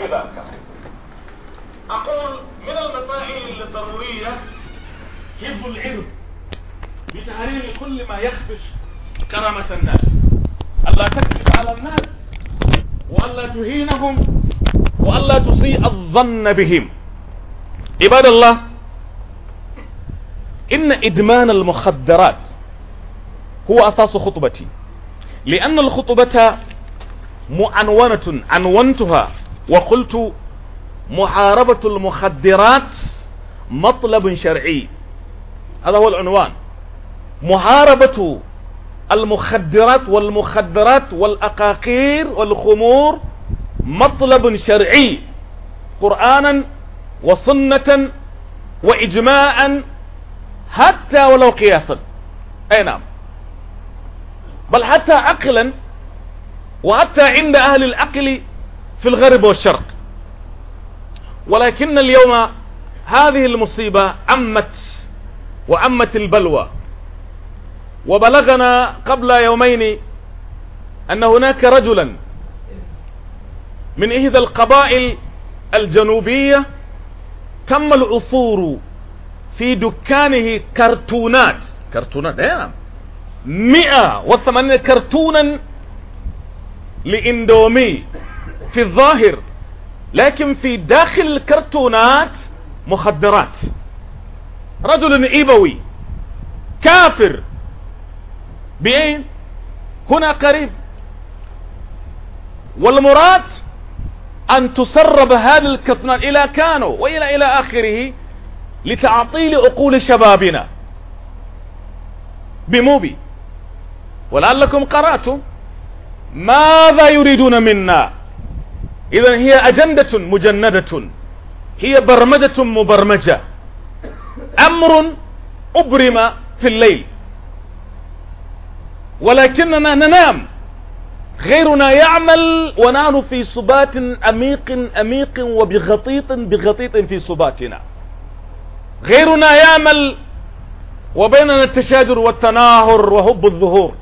بذاك أقول من المسائل الضرورية حفظ العلم بتحريم كل ما يخفش كرامة الناس ألا تكذب على الناس وألا تهينهم وألا تسيء الظن بهم عباد الله إن إدمان المخدرات هو أساس خطبتي لأن الخطبة معنونة عنونتها وقلت محاربة المخدرات مطلب شرعي هذا هو العنوان محاربة المخدرات والمخدرات والأقاقير والخمور مطلب شرعي قرآنا وسنة وإجماعا حتى ولو قياسا أي نعم بل حتى عقلا وحتى عند أهل العقل في الغرب والشرق ولكن اليوم هذه المصيبة عمت وعمت البلوى وبلغنا قبل يومين أن هناك رجلا من إحدى القبائل الجنوبية تم العثور في دكانه كرتونات كرتونات إيه نعم مئة وثمانية كرتونا لإندومي في الظاهر لكن في داخل الكرتونات مخدرات رجل إيبوي كافر بأين هنا قريب والمراد أن تسرب هذه الكرتونات إلى كانو وإلى إلى آخره لتعطيل عقول شبابنا بموبي ولعلكم قرأتم ماذا يريدون منا إذا هي أجندة مجندة هي برمجة مبرمجة أمر أبرم في الليل ولكننا ننام غيرنا يعمل ونحن في سبات أميق أميق وبغطيط بغطيط في سباتنا غيرنا يعمل وبيننا التشاجر والتناهر وهب الظهور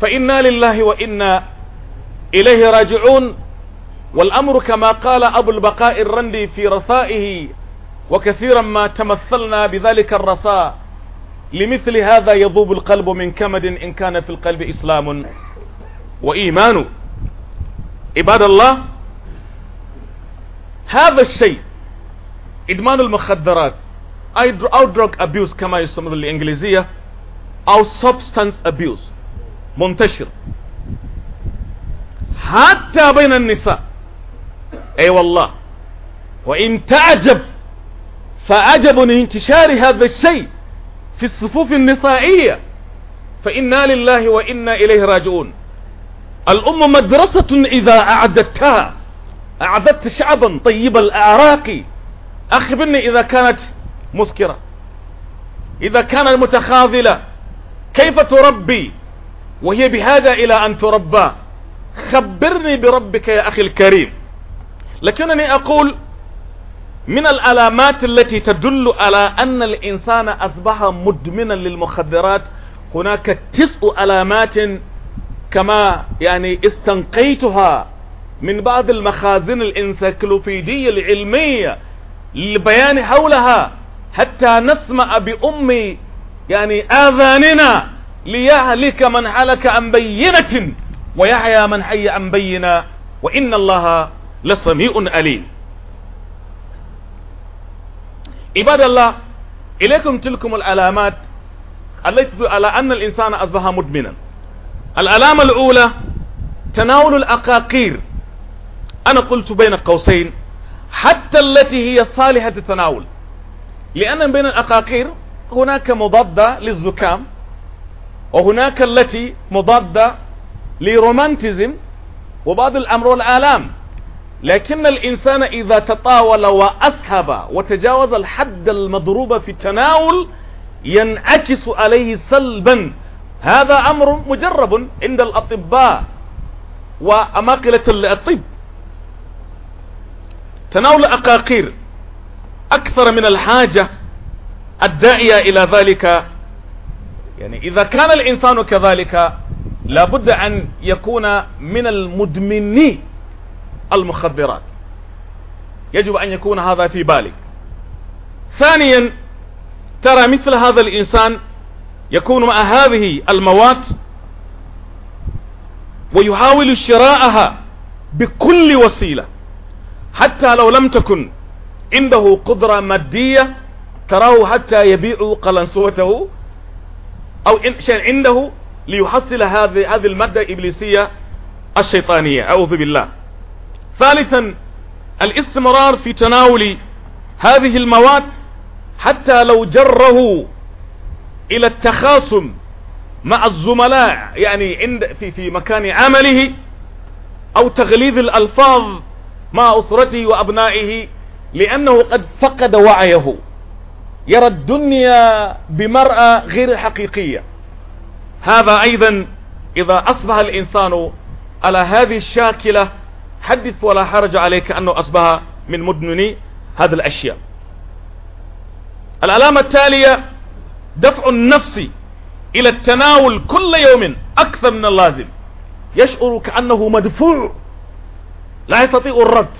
فإنا لله وإنا إليه راجعون والأمر كما قال أبو البقاء الرندي في رثائه وكثيرا ما تمثلنا بذلك الرثاء لمثل هذا يذوب القلب من كمد إن كان في القلب إسلام وإيمان عباد الله هذا الشيء إدمان المخدرات أو drug abuse كما يسمى بالإنجليزية أو substance abuse منتشر حتى بين النساء أي والله وإن تعجب فعجب انتشار هذا الشيء في الصفوف النسائية فإنا لله وإنا إليه راجعون الأمة مدرسة إذا أعددتها أعددت شعبا طيب الأعراق أخبرني إذا كانت مسكرة إذا كانت متخاذلة كيف تربي وهي بحاجة إلى أن تربى خبرني بربك يا أخي الكريم لكنني أقول من العلامات التي تدل على أن الإنسان أصبح مدمنا للمخدرات هناك تسع علامات كما يعني استنقيتها من بعض المخازن الانسيكلوبيدية العلمية للبيان حولها حتى نسمع بأم يعني آذاننا ليهلك من هلك عن بينة ويحيى من حي عن بينة وإن الله لسميع أليم عباد الله إليكم تلكم العلامات التي تدل على أن الإنسان أصبح مدمنا العلامة الأولى تناول الأقاقير أنا قلت بين قوسين حتى التي هي صالحة التناول لأن بين الأقاقير هناك مضادة للزكام وهناك التي مضادة لرومانتزم وبعض الأمر والآلام لكن الإنسان إذا تطاول وأسهب وتجاوز الحد المضروب في التناول ينعكس عليه سلبا هذا أمر مجرب عند الأطباء وأماقلة الطب تناول أقاقير أكثر من الحاجة الداعية إلى ذلك يعني إذا كان الإنسان كذلك لابد أن يكون من المدمنين المخدرات يجب أن يكون هذا في بالك ثانيا ترى مثل هذا الإنسان يكون مع هذه المواد ويحاول شراءها بكل وسيلة حتى لو لم تكن عنده قدرة مادية تراه حتى يبيع قلنسوته أو شيء عنده ليحصل هذه هذه المادة الإبليسية الشيطانية أعوذ بالله ثالثا الاستمرار في تناول هذه المواد حتى لو جره الى التخاصم مع الزملاء يعني عند في في مكان عمله او تغليظ الالفاظ مع اسرته وابنائه لانه قد فقد وعيه يرى الدنيا بمرأة غير حقيقية هذا ايضا اذا اصبح الانسان على هذه الشاكلة حدث ولا حرج عليك أنه أصبح من مدمن هذه الأشياء العلامة التالية دفع النفس إلى التناول كل يوم أكثر من اللازم يشعر كأنه مدفوع لا يستطيع الرد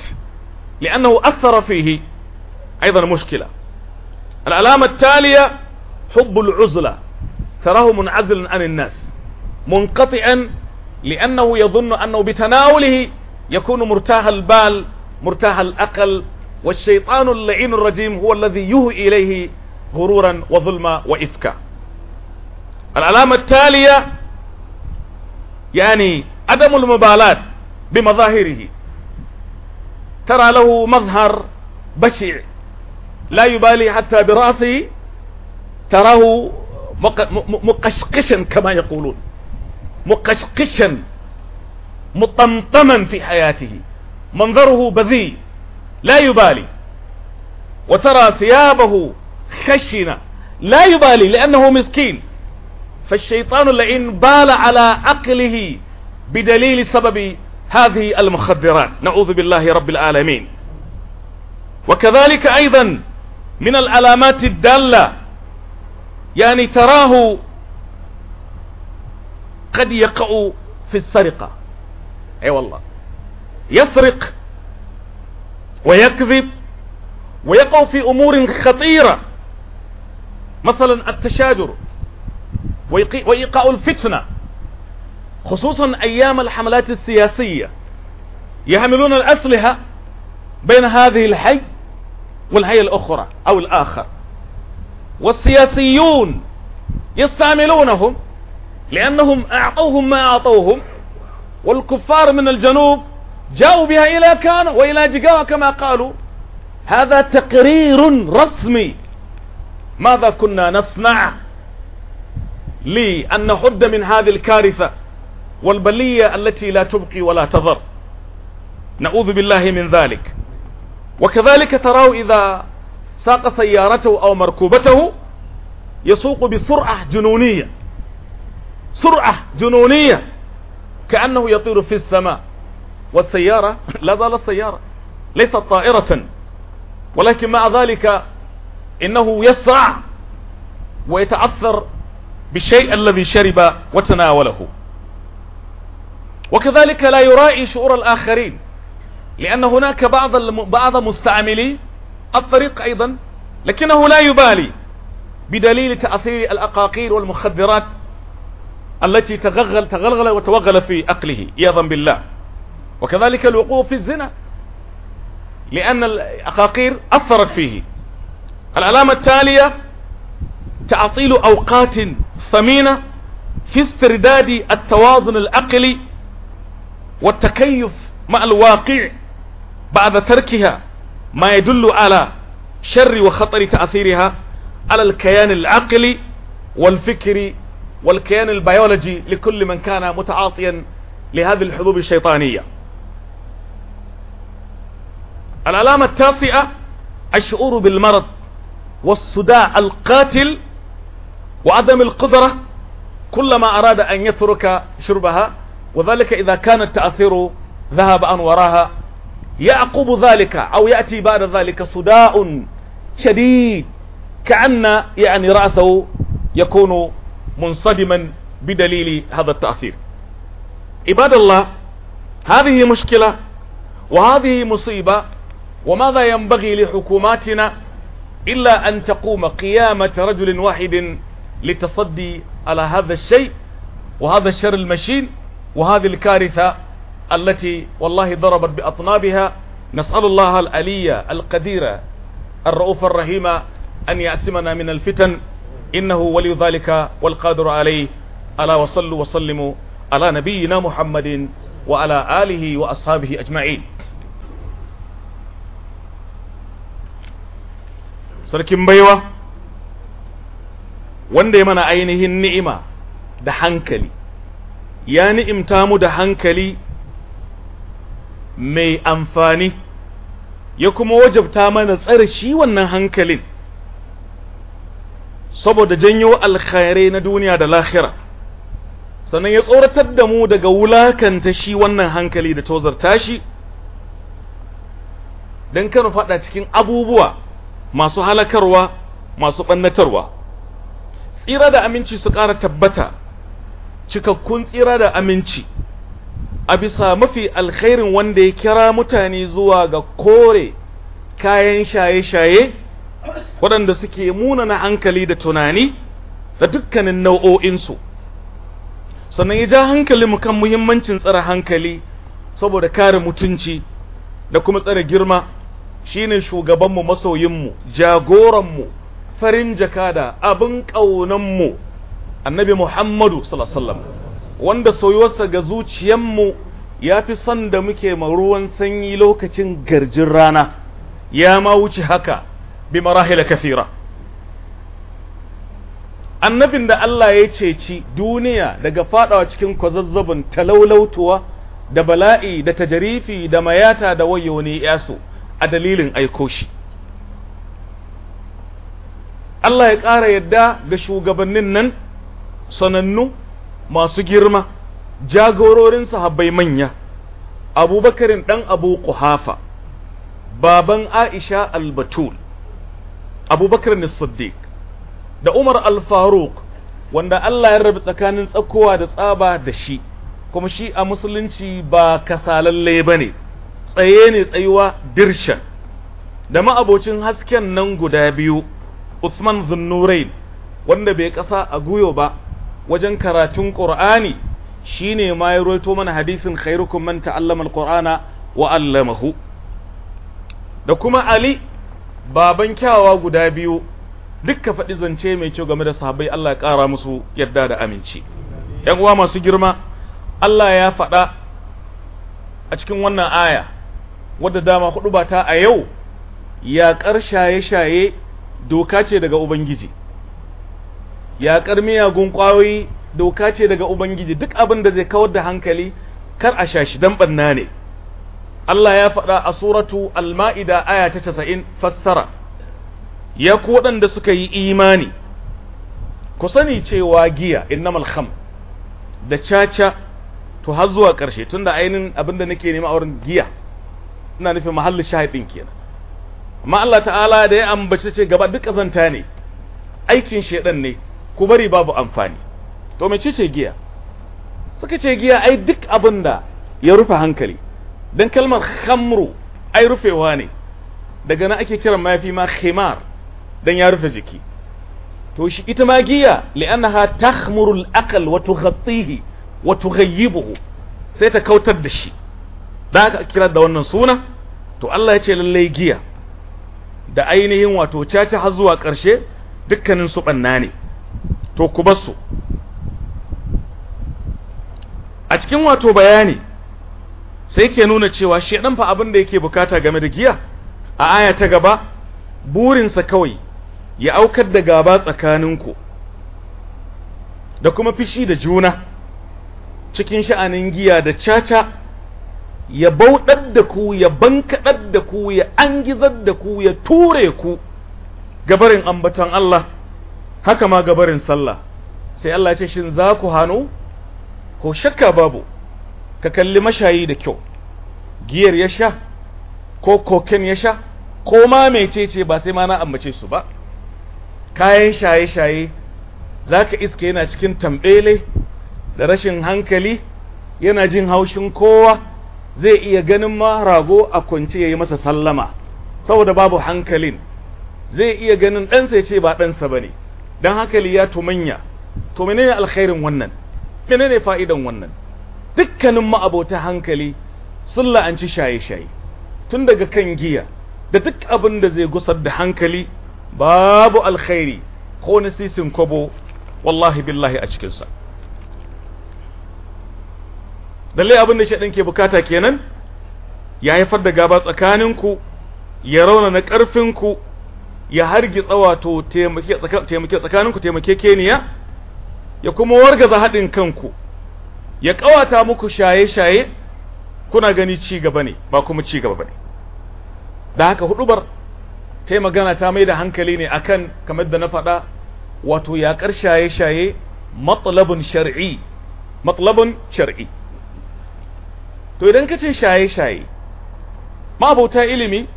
لأنه أثر فيه أيضا مشكلة العلامة التالية حب العزلة تراه منعزلا عن الناس منقطعا لأنه يظن أنه بتناوله يكون مرتاح البال مرتاح الأقل والشيطان اللعين الرجيم هو الذي يهوي إليه غرورا وظلما وإفكا العلامة التالية يعني عدم المبالاة بمظاهره ترى له مظهر بشع لا يبالي حتى برأسه تراه مقشقشا كما يقولون مقشقشا مطمطما في حياته منظره بذيء لا يبالي وترى ثيابه خشنة لا يبالي لأنه مسكين فالشيطان اللعين بال على عقله بدليل سبب هذه المخدرات نعوذ بالله رب العالمين وكذلك أيضا من العلامات الدالة يعني تراه قد يقع في السرقة اي والله يسرق ويكذب ويقع في امور خطيرة مثلا التشاجر وايقاع الفتنة خصوصا ايام الحملات السياسية يحملون الاسلحة بين هذه الحي والحي الاخرى او الاخر والسياسيون يستعملونهم لانهم اعطوهم ما اعطوهم والكفار من الجنوب جاءوا بها إلى كان وإلى جقاوة كما قالوا هذا تقرير رسمي ماذا كنا نصنع لأن نحد من هذه الكارثة والبلية التي لا تبقي ولا تضر نعوذ بالله من ذلك وكذلك تراه إذا ساق سيارته أو مركوبته يسوق بسرعة جنونية سرعة جنونية كأنه يطير في السماء والسيارة لا زالت سيارة ليست طائرة ولكن مع ذلك إنه يسرع ويتعثر بالشيء الذي شرب وتناوله وكذلك لا يرائي شعور الآخرين لأن هناك بعض بعض مستعملي الطريق أيضا لكنه لا يبالي بدليل تأثير الأقاقير والمخدرات التي تغلغل تغلغل وتوغل في عقله عياذا بالله وكذلك الوقوع في الزنا لأن الأقاقير أثرت فيه العلامة التالية تعطيل أوقات ثمينة في استرداد التوازن العقلي والتكيف مع الواقع بعد تركها ما يدل على شر وخطر تأثيرها على الكيان العقلي والفكري والكيان البيولوجي لكل من كان متعاطيا لهذه الحبوب الشيطانية العلامة التاسعة الشعور بالمرض والصداع القاتل وعدم القدرة كلما أراد أن يترك شربها وذلك إذا كان التأثير ذهب أن وراها يعقب ذلك أو يأتي بعد ذلك صداع شديد كأن يعني رأسه يكون منصدما بدليل هذا التأثير عباد الله هذه مشكلة وهذه مصيبة وماذا ينبغي لحكوماتنا إلا أن تقوم قيامة رجل واحد لتصدي على هذا الشيء وهذا الشر المشين وهذه الكارثة التي والله ضربت بأطنابها نسأل الله الألية القديرة الرؤوف الرحيم أن يأسمنا من الفتن إنه ولي ذلك والقادر عليه ألا وصلوا وسلموا على نبينا محمد وعلى آله وأصحابه أجمعين sarkin baiwa wanda ya mana ainihin ni'ima da hankali ya ni'imta mu da hankali mai amfani ya kuma wajabta mana tsare shi wannan hankalin saboda janyo alkhairai na duniya da lahira sannan ya tsoratar da mu daga wulakanta shi wannan hankali da tozarta shi don kan faɗa cikin abubuwa masu halakarwa masu ɓannatarwa tsira da aminci su ƙara tabbata cikakkun tsira da aminci a bisa mafi alkhairin wanda ya kira mutane zuwa ga kore kayan shaye-shaye waɗanda suke munana hankali da tunani da dukkanin nau'o'insu sannan ya ja hankali mu kan muhimmancin tsare hankali saboda kare mutunci da kuma tsare girma shine shugabanmu masoyinmu jagoranmu farin jakada abin ƙaunanmu annabi muhammadu sallallahu wanda soyuwarsa ga zuciyarmu ya fi son da muke ma ruwan sanyi lokacin garjin rana ya ma wuce haka bi marahila kathira annabin da Allah ya ceci duniya daga fadawa cikin kwazazzabin talaulautuwa da bala'i da tajarifi da mayata da wayoni yasu a dalilin aiko shi Allah ya ƙara yadda ga shugabannin nan sanannu masu girma jagororin sahabbai manya abubakarin ɗan abu ƙuhafa baban aisha albatul abubakar siddiq da umar al-faruq wanda Allah ya rabu tsakanin tsakowa da tsaba da shi kuma shi a musulunci ba kasalalle ba ne tsaye ne tsayuwa dirshan da ma'abocin hasken nan guda biyu usman zunnurain wanda bai kasa a guyo ba wajen karatun ƙur'ani, shine ma ya roito mana hadisin khairukum man ta'allama al-qur'ana wa 'allamahu da kuma ali baban kyawawa guda biyu dukka faɗi zance mai kyau game da sahabbai Allah ya ƙara musu yadda da aminci ‘yan uwa masu girma Allah ya faɗa a cikin wannan aya wadda dama hudu ba ta a yau yaƙar shaye-shaye doka ce daga Ubangiji yaƙar miyagun ƙwayoyi doka ce daga Ubangiji duk abin da zai kawar da hankali kar a shashi don ɓanna ne Allah ya faɗa a suratu al-ma'ida aya ta casa'in fassara ya ku waɗanda suka yi imani ku sani cewa giya innamal kham da caca to har zuwa ƙarshe tunda ainin abinda nake nema a wurin giya ina nufin mahallin shahidin kenan amma Allah ta'ala da ya ambace ce gaba duk kazanta ne aikin shedan ne ku bari babu amfani to me ce giya suka ce giya ai duk abin da ya rufe hankali don kalmar khamru ai rufewa ne daga nan ake kiran mafi ma khimar don ya rufe jiki to shi ita ma giya takhmuru al-aql wa tughattihi wa tughayyibuhu sai ta kautar da shi da aka kira da wannan suna to Allah ya ce lalle giya da ainihin wato caca har zuwa ƙarshe dukkanin su banna ne to ku bar a cikin wato bayani sai ke nuna cewa shedan fa abin da yake bukata game da giya a aya ta gaba burinsa kawai ya aukar da gaba tsakaninku da kuma fishi da juna cikin sha'anin giya da caca ya bauɗar da ku ya bankaɗar da ku ya angizar da ku ya ture ku gabarin ambatan Allah haka ma gabarin sallah sai Allah ce shin za ku hano ko shakka babu ka kalli mashayi da kyau giyar ya sha ko koken ya sha ko ma mecece ba sai ma na ambace su ba kayan shaye-shaye za ka iska yana cikin tambele da rashin hankali yana jin haushin kowa zai iya ganin ma rago a kwance ya yi masa sallama saboda babu hankalin zai iya ganin ɗansa ya ce ba ɗansa ba ne don hankali ya tumanya to menene alkhairin wannan menene fa'idan wannan dukkanin ma'abota hankali sun la'anci shaye-shaye tun daga kan giya da duk abin da zai gusar da hankali babu alkhairi ko sisin kwabo wallahi billahi a cikinsa dalai abin da shaɗin ke bukata kenan ya haifar da gaba tsakaninku ya rauna na ƙarfinku ya hargi tsawato taimake tsakaninku taimake keniya ya kuma wargaza haɗin kanku ya kawata muku shaye-shaye kuna gani ci gaba ne ba kuma ci gaba bane da haka hudubar ta magana ta mai da hankali ne akan kamar da na faɗa wato yaƙar shaye-shaye matsalabin shar'i matsalabin shar'i to idan ka shaye-shaye ma'abauta ilimi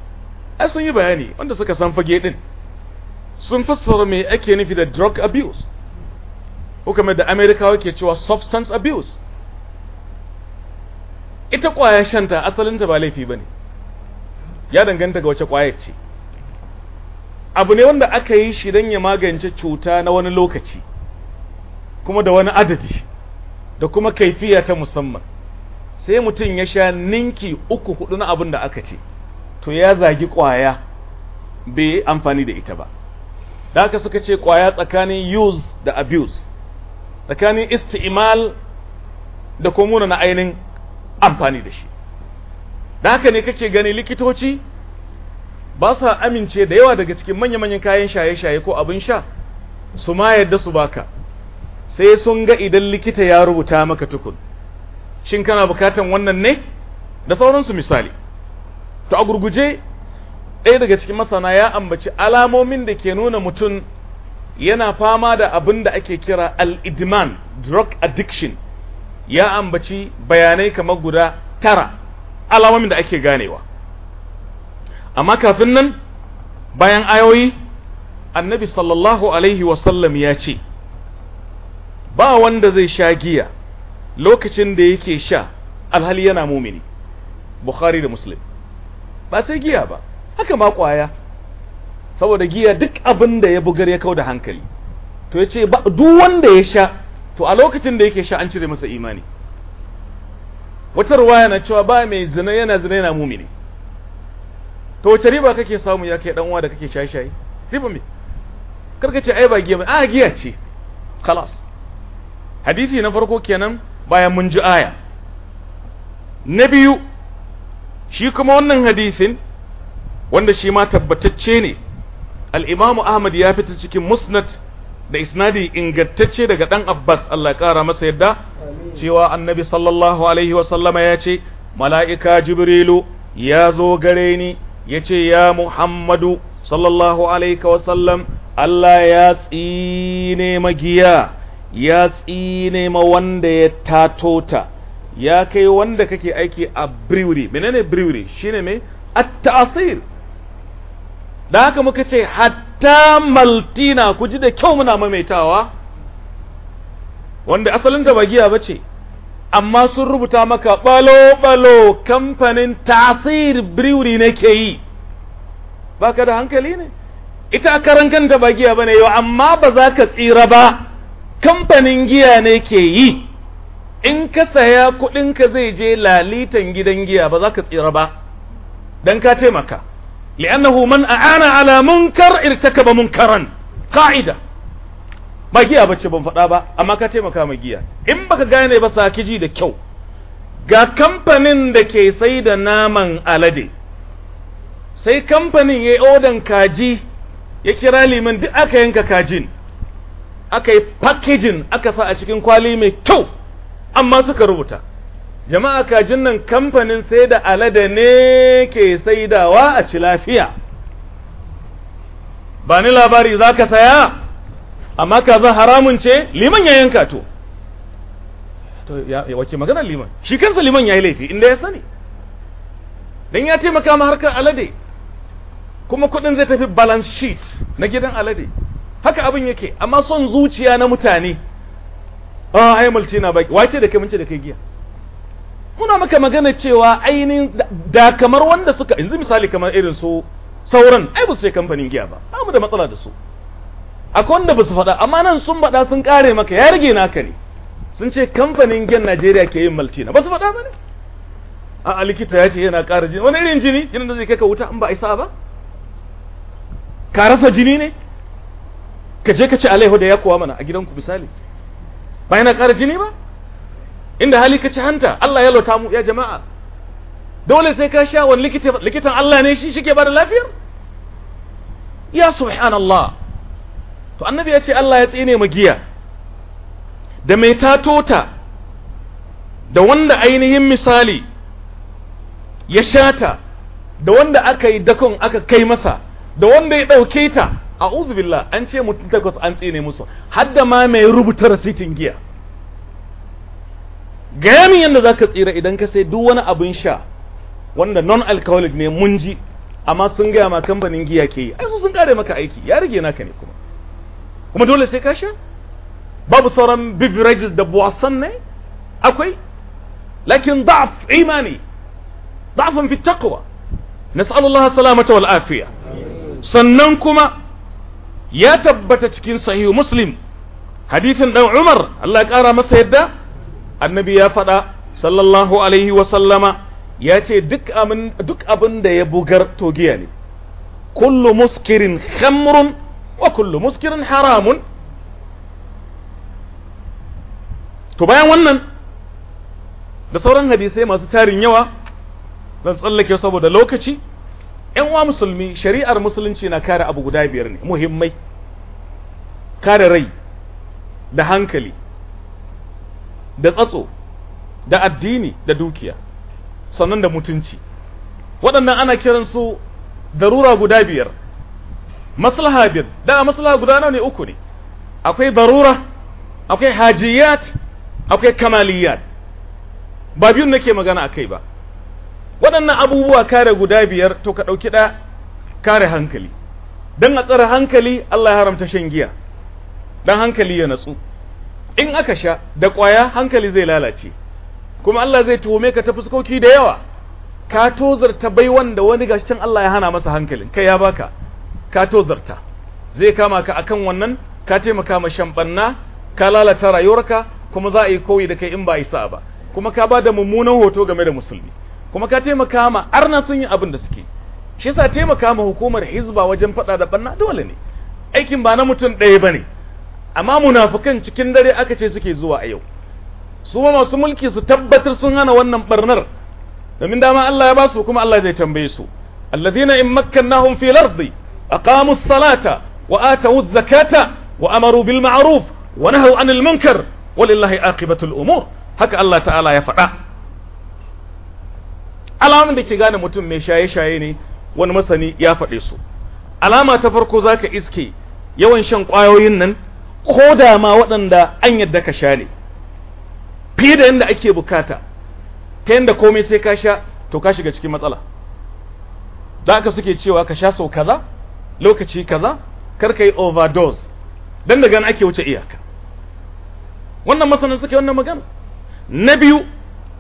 ai sun yi bayani wanda suka san fage din sun fassara me ake nufi da drug abuse ko kamar da amerikawa ke cewa substance abuse ita ƙwayar shanta asalinta ba laifi ba ne ya danganta ga wace ƙwayar ce abu ne wanda aka yi shi don ya magance cuta na wani lokaci kuma da wani adadi da kuma kaifiya ta musamman sai mutum ya sha ninki uku hudu na abin da aka ce to ya zagi ƙwaya bai amfani da ita ba da haka suka ce ƙwaya tsakanin use da abuse tsakanin istimal da kuma na ainihin amfani da shi da haka ne kake ganin likitoci ba sa amince da yawa daga cikin manya-manyan kayan shaye-shaye ko abin sha su ma yadda su baka sai sun ga idan likita ya rubuta maka tukun shin kana bukatan wannan ne da sauransu misali to a gurguje ɗaya daga cikin masana ya ambaci alamomin da ke nuna mutum yana fama da abin da ake kira al-idman drug addiction ya ambaci bayanai kamar guda tara alamomin da ake ganewa amma kafin nan bayan ayoyi annabi sallallahu alaihi wasallam ya ce ba wanda zai sha giya lokacin da yake sha alhali yana mumini bukhari da muslim ba sai giya ba haka ma kwaya saboda giya duk abin da ya bugar ya kau da hankali to ya ce duk wanda ya sha to a lokacin da yake sha an cire masa imani wata ruwaya na cewa ba mai zina yana zina yana mumini to wace riba kake samu ya kai dan uwa da kake shaye-shaye riba me karka ce ai ba giya ba a ah, giya ce khalas hadisi na farko kenan bayan mun ji aya na biyu shi kuma wannan hadisin wanda shi ma tabbatacce ne al imamu Ahmad ya fita cikin Musnad da isnadi ingantacce daga dan Abbas Allah ya kara masa yadda cewa annabi sallallahu alaihi wa sallama ya ce mala'ika jibrilu ya zo gare ni ya ce ya muhammadu sallallahu alaihi wa sallam Allah ya tsine magiya ya tsine ma wanda ya tatota ya kai wanda kake aiki a brewery menene brewery shine me at-ta'sir da haka muka ce hat Ta maltina, ku ji da kyau muna mamaitawa wanda asalinta ba giya amma sun rubuta maka balo-balo kamfanin tasir brewery na ke yi ba ka da hankali ne ita karan kanta ba giya ba ne yau amma ba za ka tsira ba kamfanin giya ne ke yi in ka saya kudinka zai je lalitan gidan giya ba za ka tsira ba don ka taimaka لأنه من أعان على alamun kar in قاعدة ba giya bacci ban faɗa ba amma ka taimaka ma giya in baka gane ba saki ji da kyau ga kamfanin da ke sai da naman alade sai kamfanin ya yi odan kaji ya kira liman duk aka yanka kajin aka yi packaging aka sa a cikin kwali mai kyau amma suka rubuta jama'a kajin nan kamfanin sai da alade ne ke saidawa a ci lafiya ba ni labari za ka saya amma kaza haramun ce liman ya yanka to ya wace magana liman shi kansa liman ya yi laifi inda ya sani don ya taimaka ma harkar alade kuma kudin zai tafi balance sheet na gidan alade haka abin yake amma son zuciya na mutane a ah, ai mulci na baki wace da kai mun ce da kai giya muna maka magana cewa ainihin da kamar wanda suka yanzu misali kamar irin su sauran ai ba su ce kamfanin giya ba ba mu da matsala da su akwai wanda ba su faɗa amma nan sun faɗa sun kare maka ya rage naka ne sun ce kamfanin giyan Najeriya ke yin maltina ba su faɗa ba ne a likita ya ce yana ƙara jini wani irin jini jinin da zai kai ka wuta in ba a isa ba ka rasa jini ne ka je ka ci alaiho da ya kowa mana a gidanku misali ba yana ƙara jini ba inda hali ka ci hanta Allah ya lota mu ya jama'a dole sai ka sha wani likita likitan Allah ne shi shike bada lafiyar ya subhanallah to annabi ya ce Allah ya tsine magiya da mai tatota da wanda ainihin misali ya shata da wanda aka yi dakon aka kai masa da wanda ya ɗauke ta a billah an ce mutum takwas an tsine musu hadda ma mai rubuta rasitin giya gaya min yadda za ka tsira idan ka sai duk wani abin sha wanda non-alcoholic ne mun ji amma sun gaya ma kamfanin giya ke yi ai su sun kare maka aiki ya rage naka ne kuma kuma dole sai ka sha babu sauran beverages da buwasan ne akwai lakin da'af imani da'afin fi taqwa nas'alullah salamata wal afiya sannan kuma ya tabbata cikin sahihu muslim hadithin dan umar Allah ya kara masa yadda annabi ya faɗa sallallahu alaihi wasallama ya ce duk abin da ya bugar togiya ne kullu muskirin khamrun wa kullu muskirin haramun to bayan wannan da sauran hadisai masu tarin yawa zan tsallake saboda lokaci ‘yan wa musulmi shari'ar musulunci na kare abu guda biyar ne muhimmai kare rai da hankali da tsatso da addini da dukiya sannan da mutunci waɗannan ana kiransu darura guda biyar maslaha biyar da maslaha guda nawa ne uku ne akwai darura akwai hajiyat akwai kamaliyat ba biyun nake magana akai ba waɗannan abubuwa kare guda biyar to ka ɗauki ɗaya kare hankali don a tsare hankali Allah ya haramta shan giya Dan hankali ya natsu in aka sha da ƙwaya hankali zai lalace kuma Allah zai tuhume ka ta fuskoki da yawa ka tozarta bai wanda wani gashi can Allah ya hana masa hankalin kai ya baka ka tozarta zai kama ka akan wannan ka taimaka ma shambanna ka lalata rayuwarka kuma za a yi koyi da kai in ba a isa ba kuma ka ba da mummunan hoto game da musulmi kuma ka taimaka ma arna sun yi abin da suke shi yasa taimaka ma hukumar hizba wajen faɗa da banna dole ne aikin ba na mutum ɗaya bane amma munafukan cikin dare aka ce suke zuwa a yau su ma masu mulki su tabbatar sun hana wannan barnar domin dama Allah ya ba su kuma Allah zai tambaye su alladhina in makkannahum fil ardi aqamu salata wa atu zakata wa amaru bil ma'ruf wa nahaw 'anil munkar walillahi aqibatul umur haka Allah ta'ala ya faɗa alamun da ke gane mutum mai shaye-shaye ne wani masani ya faɗe su alama ta farko zaka iske yawan shan ƙwayoyin nan ko da ma waɗanda an yadda ka sha ne fiye da yadda ake bukata ta yadda komai sai ka sha to ka shiga cikin matsala da aka suke cewa ka sha sau kaza lokaci kaza kar ka yi overdose don daga ake wuce iyaka wannan masanin suke wannan magana na biyu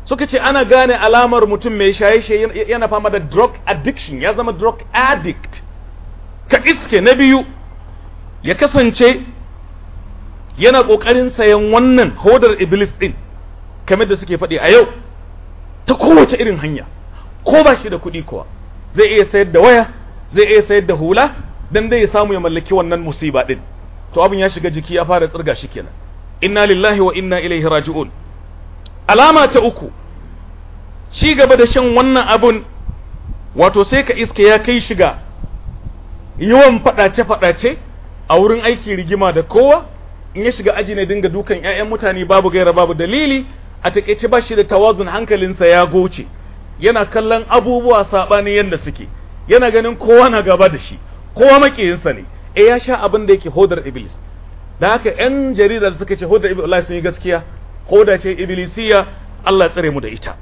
suka ce ana gane alamar mutum mai shaye-shaye yana fama da drug addiction ya zama drug addict ka iske na biyu ya kasance yana ƙoƙarin sayan wannan hodar iblis din kamar da suke faɗi a yau ta kowace irin hanya ko ba shi da kuɗi kuwa zai iya sayar da waya zai iya sayar da hula dan dai ya samu ya mallaki wannan musiba din to abin ya shiga jiki ya fara tsirga shi kenan inna lillahi wa inna ilaihi raji'un alama ta uku ci gaba da shan wannan abun wato sai ka iska ya kai shiga yawan faɗace-faɗace a wurin aiki rigima da kowa in ya shiga aji ne dinga dukan 'ya'yan mutane babu gaira babu dalili a taƙaice ba shi da tawazun hankalinsa ya goce yana kallon abubuwa saɓanin yadda suke yana ganin kowa na gaba da shi kowa makiyinsa ne eh ya sha abin da yake hodar iblis da haka ƴan jaridar suka ce hodar iblis sun yi gaskiya hoda ce iblisiya Allah tsare mu da ita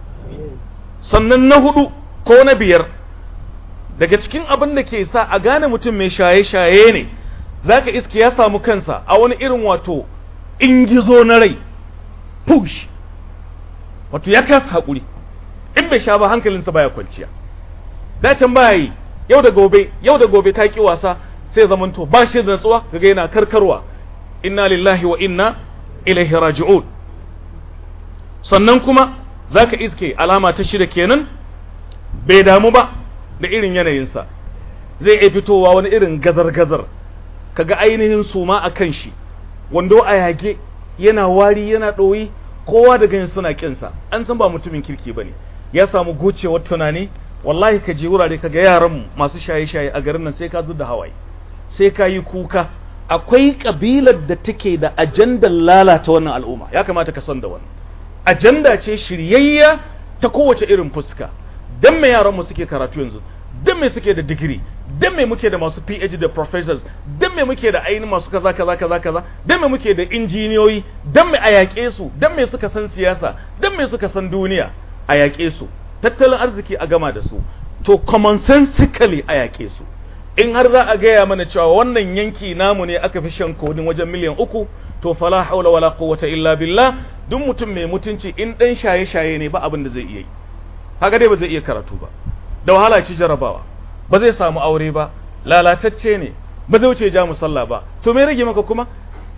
sannan na hudu ko na biyar daga cikin abin da ke sa a gane mutum mai shaye-shaye ne zaka iske ya samu kansa a wani irin wato ingizo na rai push wato ya kasa hakuri in bai sha ba hankalinsa baya kwanciya dacin baya yi yau da gobe yau da gobe ta ki wasa sai zamanto ba shi da natsuwa ga gaina karkarwa inna lillahi wa inna ilaihi raji'un sannan kuma zaka iske alama ta shida kenan bai damu ba da irin yanayinsa zai iya fitowa wani irin gazar-gazar kaga ainihin suma a kan shi wando a yage yana wari yana ɗoyi kowa da ganin suna kinsa an san ba mutumin kirki ba ne. ya samu gocewar tunani wallahi ka je wurare kaga yaran masu shaye-shaye a garin nan sai ka da hawaye sai ka yi kuka akwai kabilar da take da ajandar lalata wannan al'umma ya kamata ka san da wannan ajanda ce shiryayya ta kowace irin fuska dan me yaran mu suke karatu yanzu dan me suke da digiri dan me muke da masu PhD da professors dan me muke da ainihin masu kaza kaza kaza kaza dan me muke da injiniyoyi dan me a yaƙe su dan me suka san siyasa dan me suka san duniya a yaƙe su tattalin arziki a gama da su to common sensically a yaƙe su in har za a gaya mana cewa wannan yanki namu ne aka fi shan kodin wajen miliyan uku to fala haula wala quwwata illa billah duk mutum mai mutunci in dan shaye-shaye ne ba abin da zai iya yi kaga dai ba zai iya karatu ba da wahala ci jarabawa ba zai samu aure ba lalatacce ne ba zai wuce ja musalla ba to me rage maka kuma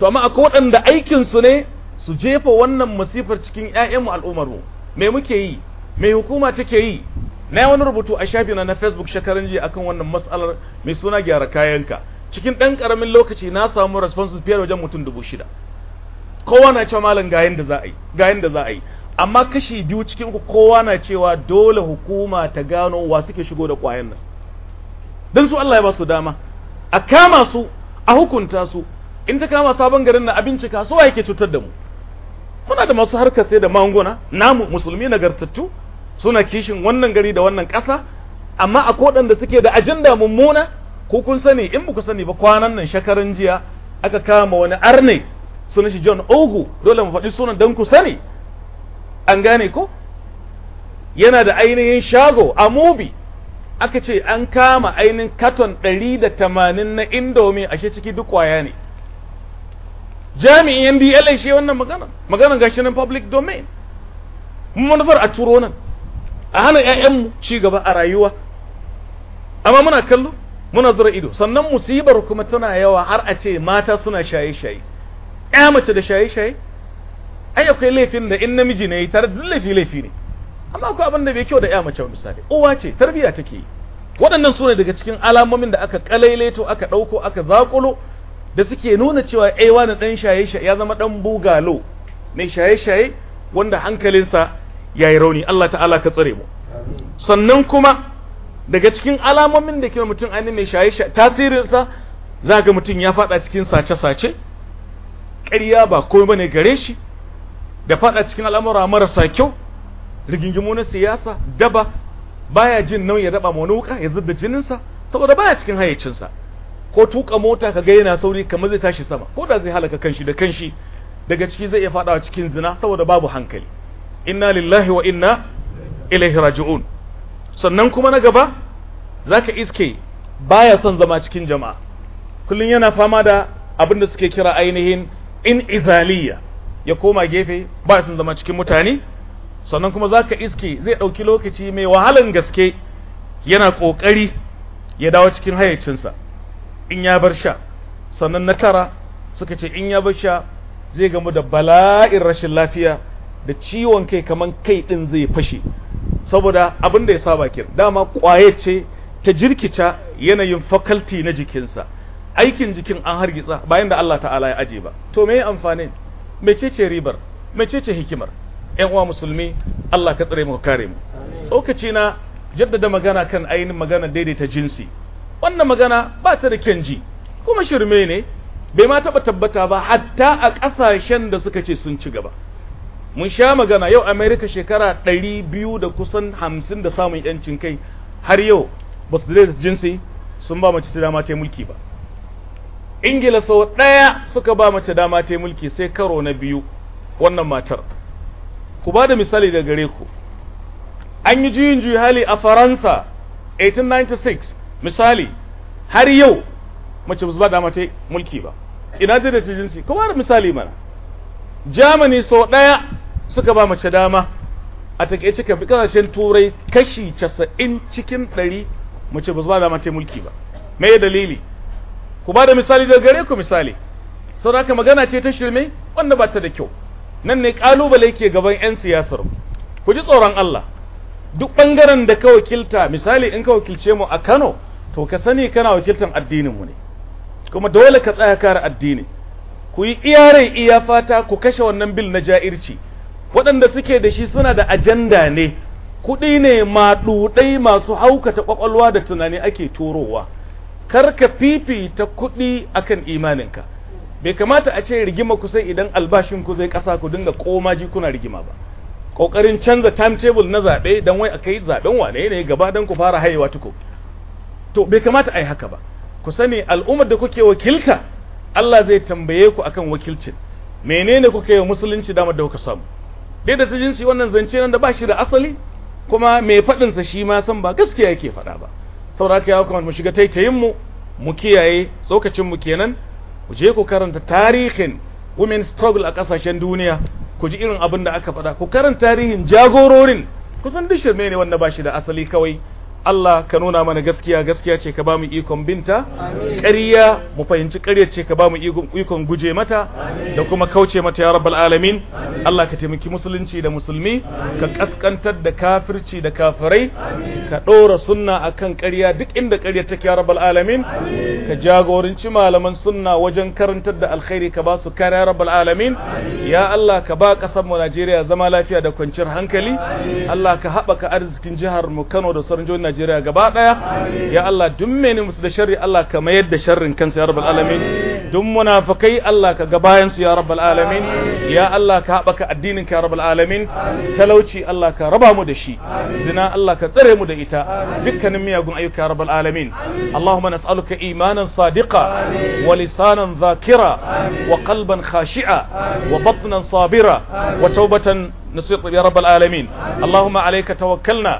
to amma akwai waɗanda aikin su ne su jefa wannan masifar cikin mu al'ummar mu me muke yi me hukuma take yi na wani rubutu a shafi na na Facebook shekaran jiya akan wannan mas'alar mai suna gyara kayanka cikin ɗan ƙaramin lokaci na samu response fiye da wajen mutum dubu shida kowa na cewa malam ga yanda za a yi ga yanda za a yi amma kashi biyu cikin uku kowa na cewa dole hukuma ta gano wa suke shigo da ƙwayan nan don su Allah ya ba su dama a kama su a hukunta su in ta kama sabon garin na abinci kasuwa yake cutar da mu muna da masu harkar sai da manguna namu musulmi nagartattu suna kishin wannan gari da wannan ƙasa amma a kodan da suke da ajanda mummuna ko kun sani in ba ku sani ba kwanan nan shekaran jiya aka kama wani arne sunan shi John Ogu dole mu faɗi sunan dan ku sani an gane ko yana da ainihin shago a mubi aka ce an kama ainihin katon ɗari da tamanin na indomi ashe ciki duk waya ne jami'in DLA shi wannan magana magana shi nan public domain mun manufar a turo nan a hana ƴaƴanmu ci gaba a rayuwa amma muna kallo muna zura ido sannan musibar kuma tana yawa har a ce mata suna shaye-shaye Ya mace da shaye-shaye ai akwai laifin da in namiji na yi tare da laifi laifi ne amma ko abin da bai kyau da ya mace misali uwa ce tarbiya take yi waɗannan su daga cikin alamomin da aka kalaileto aka ɗauko aka zakulo da suke nuna cewa ai eh, wani dan shaye shaye ya zama dan bugalo mai shaye-shaye wanda hankalinsa ya yi rauni Allah ta'ala ka tsare mu sannan kuma daga cikin alamomin da ke mutum ainihin mai shaye-shaye tasirinsa za ga mutum ya faɗa cikin sace-sace ƙarya ba komai bane gare shi da faɗa cikin al'amura marasa kyau rigingimu na siyasa daba baya jin nauyi ya raba wani wuka ya zidda jininsa saboda baya cikin hayyacinsa ko tuka mota kaga yana sauri kamar zai tashi sama ko da zai halaka kanshi da kanshi daga ciki zai iya fadawa cikin zina saboda babu hankali inna lillahi wa inna ilaihi raji'un sannan kuma na gaba zaka iske baya son zama cikin jama'a kullun yana fama da abin da suke kira ainihin in izaliya ya koma gefe baya son zama cikin mutane sannan kuma zaka iske zai ɗauki lokaci mai wahalan gaske yana kokari ya dawo cikin hayyacinsa in ya bar sha sannan na tara suka ce in ya bar sha zai gamu da bala'in rashin lafiya da ciwon kai kamar kai ɗin zai fashe saboda abin da ya saba kin dama kwaye ce ta jirkita yanayin fakalti na jikinsa aikin jikin an hargitsa bayan da Allah ta'ala ya aje ba to me amfanin mecece ribar mecece hikimar yan uwa musulmi Allah ka tsare mu kare mu tsokaci na jaddada magana kan ainihin magana daidaita jinsi wannan magana ba ta da kyan ji kuma shirme ne bai ma taba tabbata ba hatta a ƙasashen da suka ce sun ci gaba mun sha magana yau America shekara ɗari biyu da kusan hamsin da samun yancin kai har yau ba su daidaita jinsi sun ba mace ta dama ta mulki ba ingila sau ɗaya suka ba mace dama ta mulki sai karo na biyu wannan matar ku ba da misali da gare ku an yi juyin juyi hali a faransa 1896 misali har yau mace ba dama ta mulki ba ina da da jinsi kuma da misali mana germany sau daya suka ba mace dama a take cika bi kasashen turai kashi casa'in cikin ɗari mace ba dama ta mulki ba Mai dalili ku ba da misali da gare ku misali saboda magana ce ta shirme wanda ba ta da kyau nan ne ƙalubale ke gaban 'yan siyasar ku ji tsoron Allah duk ɓangaren da ka wakilta misali in ka wakilce mu a Kano to ka sani kana wakiltan addinin mu ne kuma dole ka tsaya kare addini ku yi iyare iya fata ku kashe wannan bil na ja'irci waɗanda suke da shi suna da ajanda ne kuɗi ne maɗuɗai masu haukata ƙwaƙwalwa da tunani ake turowa kar ka fifita kuɗi akan imaninka bai kamata a ce rigima ku sai idan albashin ku zai kasa ku dinga koma ji kuna rigima ba kokarin canza timetable na zabe dan wai akai zaben wane ne gaba dan ku fara haihuwa tuko to bai kamata ai haka ba ku sani al'ummar da kuke wakilta Allah zai tambaye ku akan wakilcin menene kuke yi musulunci damar da kuka samu dai da ta jinsi wannan zance nan da ba da asali kuma mai faɗin sa shi ma san ba gaskiya yake faɗa ba saboda haka ya kuma mu shiga taitayin mu mu kiyaye tsokacin mu kenan ku je ku karanta tarihin women struggle a kasashen duniya ku ji irin abin da aka faɗa ku karanta tarihin jagororin kusan duk shirme ne wanda ba shi da asali kawai Allah ka nuna mana gaskiya gaskiya ce ka bamu ikon binta ƙarya mu fahimci ƙarya ce ka bamu ikon guje mata da kuma kauce mata ya rabbal alamin Allah ka taimaki musulunci da musulmi ka kaskantar da kafirci da kafirai ka ɗora sunna a kan ƙarya duk inda ƙarya take ya rabbal alamin ka jagoranci malaman sunna wajen karantar da alkhairi ka ba su kare ya rabbal alamin ya Allah ka ba ƙasar mu Najeriya zama lafiya da kwanciyar hankali Allah ka haɓaka arzikin jihar mu Kano da sauran jihohin Najeriya gaba daya ya Allah duk mene musu da sharri Allah ka mayar da sharrin kansa ya rabbal alamin duk munafikai Allah ka ga bayan su ya rabbal alamin ya Allah ka haɓaka addinin ka ya rabbal alamin talauci Allah ka raba mu da shi zina Allah ka tsare mu da ita dukkanin miyagun ayyuka ya rabbal alamin Allahumma nas'aluka imanan sadiqa wa lisanan dhakira wa qalban khashi'a wa batnan sabira wa tawbatan نصير يا رب العالمين اللهم عليك توكلنا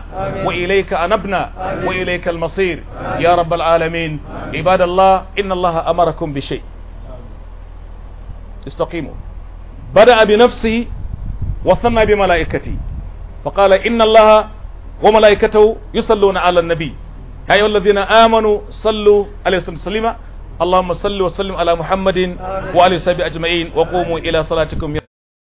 وإليك أنبنا وإليك المصير يا رب العالمين عباد الله إن الله أمركم بشيء استقيموا بدأ بنفسه وثنى بملائكته فقال إن الله وملائكته يصلون على النبي يا أيها الذين آمنوا صلوا عليه وسلم اللهم صل وسلم على محمد وعلى سبي أجمعين وقوموا إلى صلاتكم